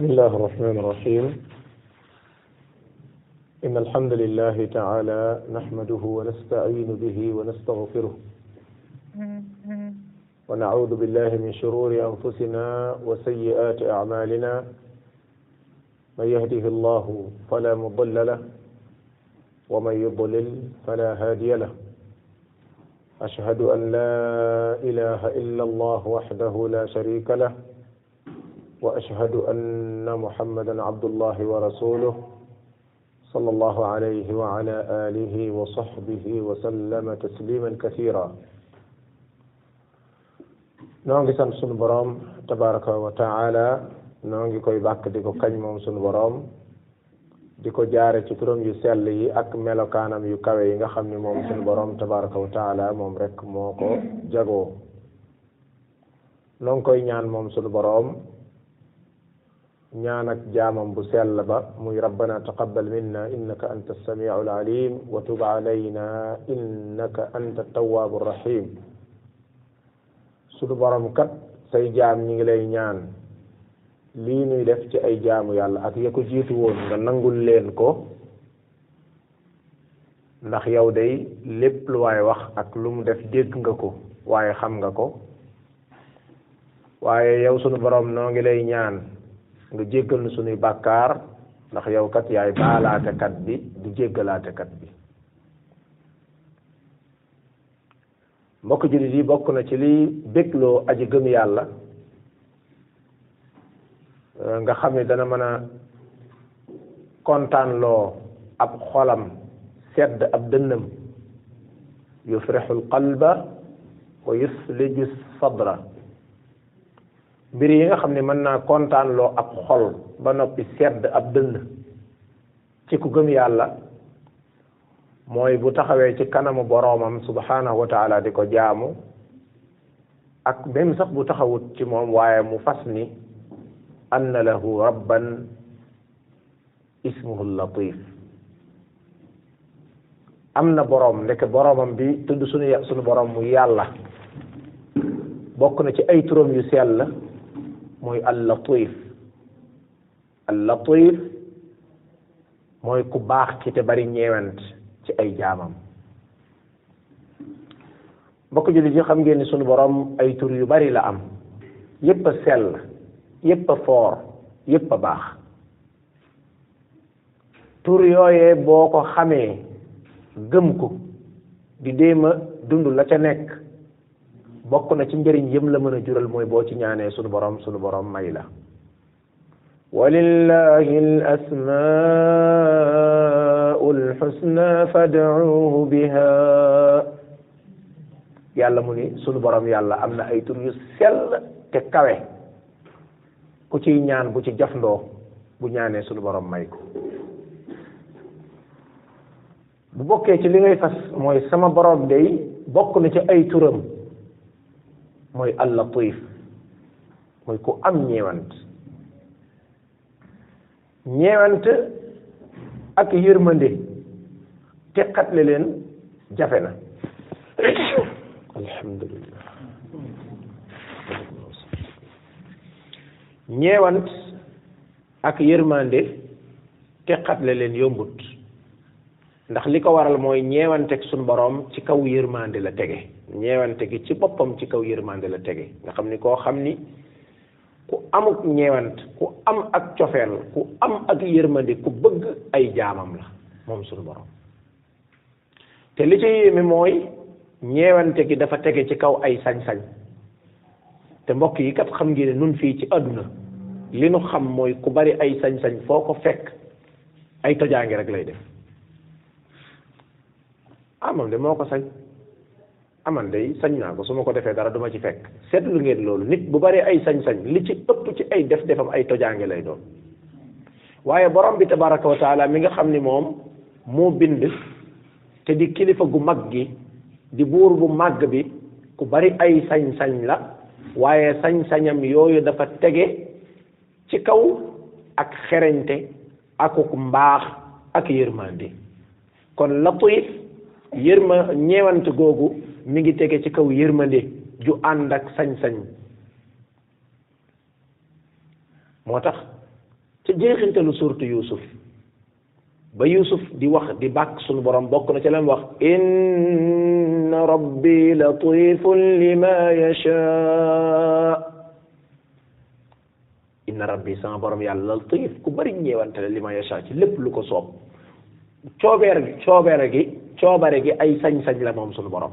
بسم الله الرحمن الرحيم إن الحمد لله تعالى نحمده ونستعين به ونستغفره ونعوذ بالله من شرور أنفسنا وسيئات أعمالنا من يهده الله فلا مضل له ومن يضلل فلا هادي له أشهد أن لا إله إلا الله وحده لا شريك له وأشهد أن محمدا عبد الله ورسوله صلى الله عليه وعلى آله وصحبه وسلم تسليما كثيرا نونغي نعم، سان سون بروم تبارك وتعالى نونغي نعم، كوي باك ديكو كاج موم سون بروم ديكو جاري ci turam yu sell yi ak melokaanam yu kawe yi nga xam ni moom sunu borom tabaraka wa taala moom rek moo ko jagoo noo ngi ñaan ak jaamam bu sell ba muy rabbana taqabbal minna innaka anta as-sami'ul alim wa tub alayna innaka anta at-tawwabur rahim suñu borom kat say jaam ñi ngi lay ñaan lii nuy def ci ay jaamu yàlla ak ya ko jiitu woon nga nangul leen ko ndax yow dey lépp lu waay wax ak lu mu def dégg nga ko waaye xam nga ko waaye yow sunu borom noo ngi lay ñaan nga jéggal nu sunuy bàkkaar ndax yow kat yaay baalaatekat bi di jéggalaatekat bi mbokk jullit yi bokk na ci liy bégloo aji gëm yàlla euh, nga xam ne dana mën a kontaanloo ab xolam sedd ab dënnam yufrixu alqalba wa yusliju sadra mbir yi nga xam ne mën naa kontaanloo ab xol ba noppi sedd ab dënn ci ku gëm yàlla mooy bu taxawee ci kanamu boroomam subhanahu wa di ko jaamu ak même sax bu taxawut ci moom waaye mu fas ni anna lahu rabban ismuhu latif am na boroom ndeke boroomam bi tudd sunu sunu boroom mu yàlla bokk na ci ay turam yu sell mooy al-Latif al-Latif mooy ku baax ki te bari ñeewant ci ay jaamam mbokk jullit yi xam ngeen ni sunu borom ay tur yu bari la am yépp a sell yépp a foor yépp a baax tur yooyee boo ko xamee gëm ko di déema dund la ca nekk bokk na ci njëriñ yëm la mën a jural mooy boo ci ñaanee sunu borom sunu borom may la walillahi alasmaau alxusna fad'uuhu biha yàlla mu ni sunu borom yàlla am na ay tur yu sell te kawe ku ciy ñaan bu ci jafndoo bu ñaanee sunu borom may ko bu bokkee ci li ngay fas mooy sama borom day bokk na ci ay turam mooy al-Latif mooy ku am ñeewant ñeewant ak yërmande teqatle leen jafe na alhamdulillah ñeewant ak yërmande teqatle leen yombut ndax li ko waral mooy ñeewanteeg suñu boroom ci kaw yërmande la tege ñeewante gi ci boppam ci kaw yërmande la tege nga xam ni koo xam ni ku amuk ñeewant am ak cofeel ku am ak yërmande ku bëgg ay jaamam la moom suñu borom te li ci yéeme mooy ñewante gi dafa tege ci kaw ay sañ-sañ te mbokk yi kat xam ngeen ne nun fii ci àdduna li nu xam mooy ku bari ay sañ-sañ foo ko fekk ay tojaange rek lay def ah moom de moo ko sañ aman ah, de sañ naa ko su ma ko defee dara duma ci fekk seetlu ngeen loolu nit bu baree ay sañ-sañ li ci ëpp ci ay def-defam ay tojaange lay doon waaye borom bi tabaraka wa taala mi nga xam ni moom moo bind te di kilifa gu mag gi di buur bu màgg bi ku bari ay sañ-sañ la waaye sañ-sañam yooyu dafa tege ci kaw ak xereñte ak mbaax ak yërmande kon latif yërma ñeewant googu mi ngi tege ci kaw yërmande ju ànd ak sañ-sañ moo tax ci jeexintalu suurtu Yuusuf ba Yuusuf di wax di bàkk sunu borom bokk na ci lam wax inna rabbi latifun lima yasha inna rabbi sama borom yàlla latif ku bari ñeewante la lima yasha ci lépp lu ko soob coobeer gi coobeer gi coobare gi ay sañ-sañ la moom suñu borom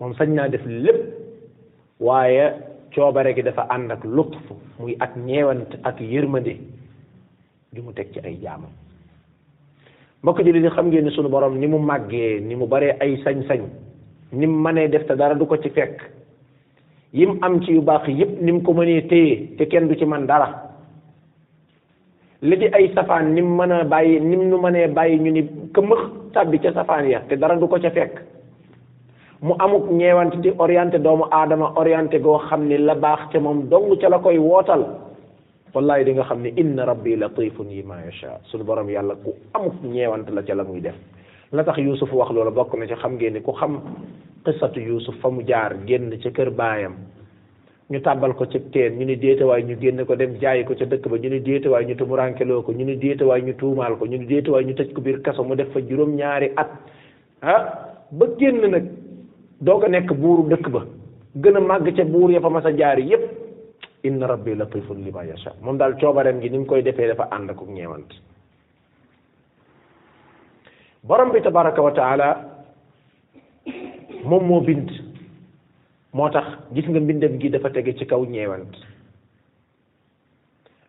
moom sañ naa def lépp waaye coobare gi dafa ànd ak lutf muy ak ñeewant ak yërmande ju mu teg ci ay jaamam mbokk jullit yi xam ngeen suñu sunu borom ni mu màggee ni mu baree ay sañ-sañ ni mu mënee def te dara du ko ci fekk yim am ci yu baax yépp ni mu ko mënee téye te kenn du ci man dara li di ay safaan nim mën a bàyyi ni nu mënee bàyyi ñu ni këmëx tàbbi ca safaan ya te dara du ko ca fekk mu amuk ñeewante di orienté doomu aadama orienté goo xam ni la baax ca moom dong ca la koy wootal wallahi di nga xam ni inna rabbi latifun yi ma yasha suñu borom yàlla ku amuk ñeewante la ca la muy def la tax Yuusuf wax loolu bokk na ci xam ngeen ni ku xam qisatu Yuusuf fa mu jaar génn ca kër baayam ñu tàbbal ko ci teen ñu ni déetawaay ñu génn ko dem jaayi ko ci dëkk ba ñu ni déetawaay ñu tumurankeloo ko ñu ni déetawaay ñu tuumaal ko ñu ni déetawaay ñu tëj ko biir kaso mu def fa juróom-ñaari at ah ba génn nag doog a nekk buur dëkk ba gën a màgg ca buur ya fa mas a jaari yépp inna rabbi latifun lima yasha moom daal coobareem gi ni mu koy defee dafa ànd ak ñeewant borom bi tabaraka wa taala moom moo bind moo tax gis nga mbindam gi dafa tege ci kaw ñeewant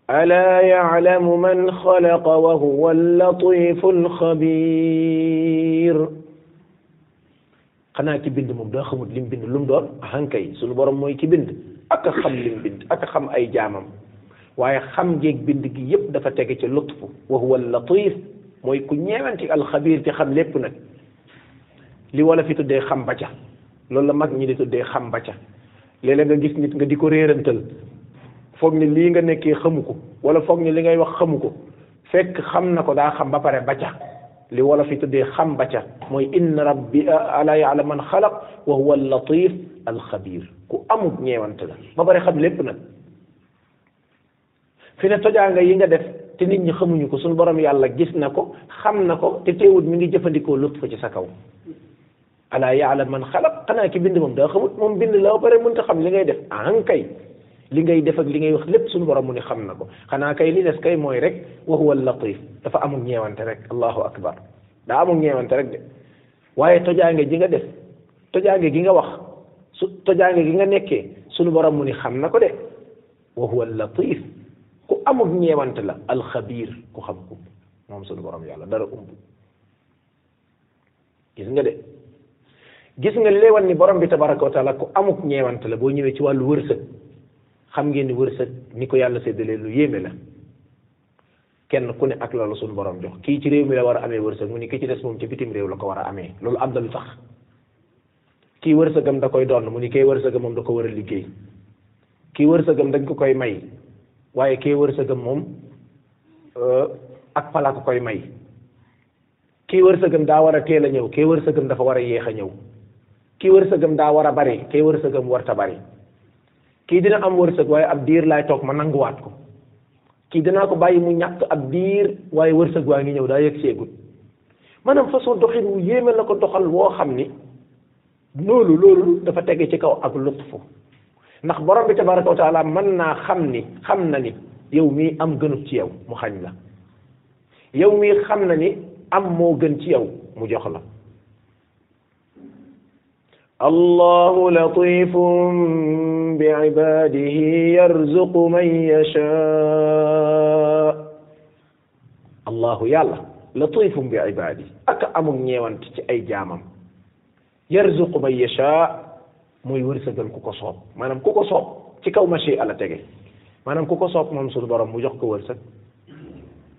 alaa ya'lamu man xalaqa wa huwa al-latifu al ki bind moom daa xamut lim bind lu mu doon ahankay borom mooy ki bind ak a lim bind ak a ay jaamam waaye xam ngeeg bind gi yépp dafa tege ci lutfu wa huwa latif mooy ku ñeewanti alxabir ci xam lépp nag li wala fi tuddee xam ba ca loolu la mag ñi di tuddee xam ba ca léeg nga gis nit nga di ko réerantal foog ni lii nga nekkee xamu ko wala foog ni li ngay wax xamu ko fekk xam na ko daa xam ba pare ba li wolof yi tëddee xam ba ca mooy inna rab ala ya'lam man xalaq wa huwa al-latif al-xabir ku amut ñeewante la ba pare xam lépp nag fi ne tojaanga yi nga def te nit ñi xamuñu ko suñu borom yàlla gis na ko xam na ko te teewut mi ngi jëfandikoo lut ci sa kaw alaa ya'lam man xalaq kanaa ki bind moom daa moom bind la ba mun mënut xam li ngay def an kay li ngay def ak li ngay wax lépp suñu borom mu ne xam na ko xanaa kay li des kay mooy rek wa huwa latif dafa amul ñeewante rek allahu akbar daa amul ñeewante rek de waaye tojaange ji nga def tojaange gi nga wax su tojaange gi nga nekkee suñu borom mu ni xam na ko de wa huwa latif ku amul ñeewante la alxabir ku xam ko moom suñu borom yàlla dara umb gis nga de gis nga léewan ni borom bi tabaraka wa taala ku amuk ñeewant la boo ñëwee ci wàllu wërsëg xam ngeen ni wërsëg ni ko yàlla seddalee lu yéeme la kenn ku ne ak la la suñu borom jox kii ci réew mi la war a amee wërsëg mu ni ki ci des moom ci bitim réew la ko war a amee loolu am na lu tax kii wërsëgam da koy doon mu ni kii wërsëgam moom da ko war a liggéey kii wërsëgam dañ ko koy may waaye kii wërsëgam moom euh, ak pala ko koy may kii wërsëgam daa war a teel a ñëw kii wërsëgam dafa war a yéex a ñëw kii wërsëgam daa war a bari kii wërsëgam warta bari kii dina am wërsëg waaye ab diir laay toog ma nanguwaat ko kii dinaa ko bàyyi mu ñàkk ab diir waaye wërsëg waa ngi ñëw daa yegg seegul maanaam façon doxin wu yéeme la ko doxal woo xam ni loolu loolu dafa tege ci kaw ak lutfu ndax borom bi tabaraka wa taala mën naa xam ni xam na ni yow mii am gënu ci yow mu xañ la yow mii xam na ni am moo gën ci yow mu jox la الله لطيف بعباده يرزق من يشاء الله يلا لطيف بعباده أك أمم نيوان أي جامم يرزق من يشاء muy wërsëgal ku ko soob maanaam ku ko soob ci kaw machi ala tege maanaam ku ko soob moom sunu borom mu jox ko wërsëg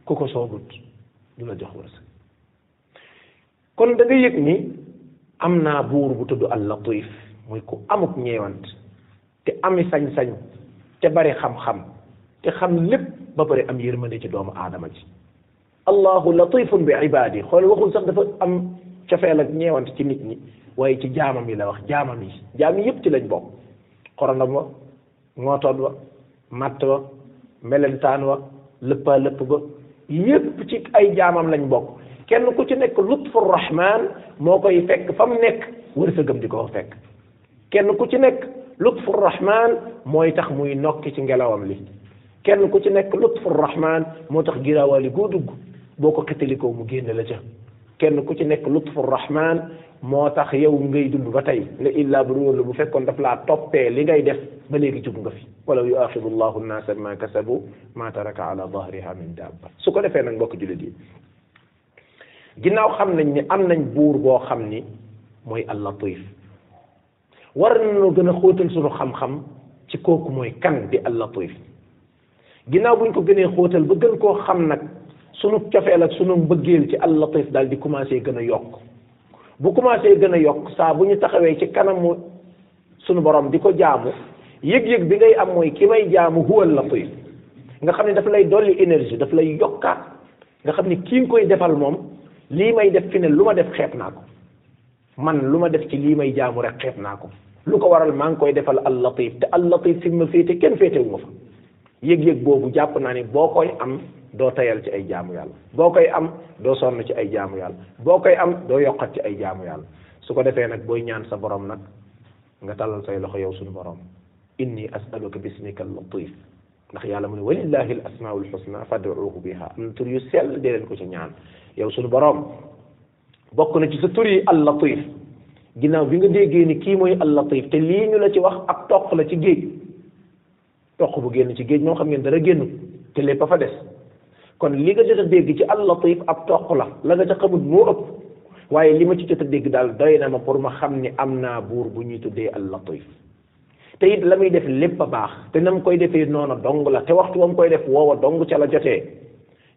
ku ko soobut du la jox wërsëg kon da nga yëg ni am naa buur bu tudd al latif muy ku amuk ñeewant te ami sañ-sañ te bari xam-xam te xam lépp ba bari am yërmande ci doomu aadama ji allahu latifun bi ibadi xool waxul sax dafa am cofeel ak ñeewant ci nit ñi waaye ci jaamam yi la wax jaamam yi jaam yi ci lañ bokk xorondam wa ngootoon wa matt wa melentaan wa lëppaa lëpp ba yëpp ci ay jaamam lañ bokk kenn ku ci nekk lutfu rahman moo koy fekk fa mu nekk wërsëgam di ko fekk kenn ku ci nekk lutfu rahman mooy tax muy nokki ci ngelawam li kenn ku ci nekk lutfu rahman moo tax giraawaali goo dugg boo ko xitalikoo mu génn la ca kenn ku ci nekk lutfu rahman moo tax yow ngay dund ba tey la illaa bu dul la bu fekkoon daf laa toppee li ngay def ba léegi jub nga fi walaw yuaxidu llahu nnaasa bima kasabu ma taraka ala dahriha min dabba su ko defee nag mbokk jullit yi ginnaaw xam nañ ni am nañ buur boo xam ni mooy al-Latif war nañoo gën a xóotal suñu xam-xam ci kooku mooy kan di al-Latif ginnaaw buñ ko gënee xóotal ba gën koo xam nag sunu cofeel ak sunu bëggeel ci al-Latif daal di commencé gën a yokk bu commencé gën a yokk saa bu ñu taxawee ci kanamu sunu borom di ko jaamu yëg-yëg bi ngay am mooy ki may jaamu huwa al-Latif nga xam ne daf lay dolli énergie daf lay yokkaat nga xam ni kii nga koy defal moom lii may def fi ne lu ma def xeeb naa ko man lu ma def ci lii may jaamu rek xeeb naa ko lu ko waral maa ngi koy defal al latif te al latif fi ma féete kenn féetewu ma fa yëg-yëg boobu jàpp naa ne boo koy am doo tayal ci ay jaamu yàlla boo koy am doo sonn ci ay jaamu yàlla boo koy am doo yokkal ci ay jaamu yàlla su ko defee nag booy ñaan sa borom nag nga tallal say loxo yow suñu borom inni as'aluka bismika al latif ndax yàlla mu ne walillahi al asmaul husna fad'uuhu biha am na tur yu sell dee leen ko ci ñaan yow suñu boroom bokk na ci sa tur yi al ginnaaw bi nga déggee ni kii mooy al latif te lii ñu la ci wax ab toq la ci géej toq bu génn ci géej moom xam ngeen dara génn te lépp a fa des kon li nga jot a dégg ci al latif ab toq la la nga ca xamut moo ëpp waaye li ma ci jot a dégg daal doy na ma pour ma xam ni am naa buur bu ñuy tuddee al latif te it la muy def lépp a baax te na mu koy defee noona dong la te waxtu wa mu koy def woowa dong ca la jotee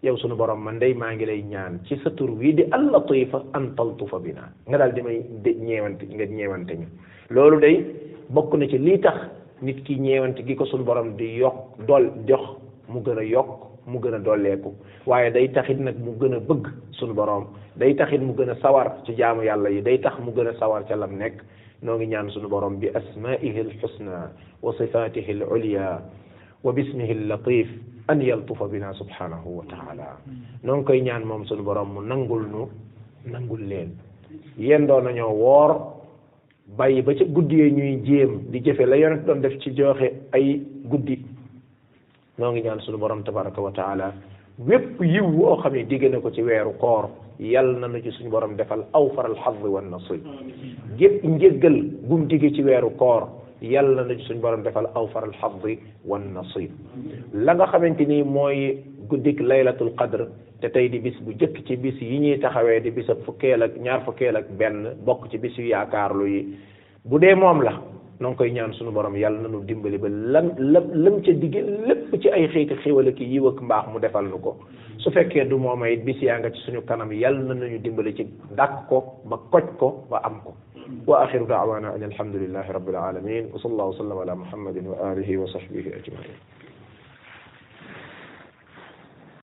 yow sunu borom man day maa ngi lay ñaan ci sa tur wii di allatifa an taltufa bi naa nga daal di may ñeewante nga ñeewante ñu loolu day bokk na ci lii tax nit ki ñeewante gi ko suñu borom di yokk dool jox mu gën a yokk mu gën a dolleeku waaye day taxit nag mu gën a bëgg suñu borom day taxit mu gën a sawar ci jaamu yàlla yi day tax mu gën a sawar ca lam nekk noo ngi ñaan sunu borom bi asmaihi alxusna wa sifatihi alulia wa bismihi allatif an yaltufa bina subhanahu wa taala noo ngi koy ñaan moom sunu borom mu nangul nu nangul leen yéen doon nañoo woor bàyyi ba ca guddi yee ñuy jéem di jëfe la yonent doon def ci joxe ay guddi noo ngi ñaan sunu borom tabaraka wa taala wépp yiw woo xam ne digg na ko ci weeru koor yal na nu ci suñu borom defal aw faral xadd wan nasib gépp njëggal gum digg ci weeru koor yal na nu ci suñu borom defal aw faral xadd wan nasib la nga xamante ni mooy guddik laylatul qadr te tey di bis bu jëkk ci bis yi ñuy taxawee di bisab fukkeel ak ñaar fukkeel ak benn bokk ci bis yu yaakaarlu yi bu dee moom la noo ngi koy ñaan suñu borom yàlla nañu dimbali ba lan la lam ca digge lépp ci ay xeeti xéwal ki yiw ak mbaax mu defal nu ko su fekkee du moom it bis yaa nga ci suñu kanam yàlla nañu dimbali ci dàq ko ba koj ko ba am ko wa axiru daawana an alhamdulillahi rabbil alamin wa sallallahu wa sallam ala muhammadin wa alihi wa sahbihi ajmain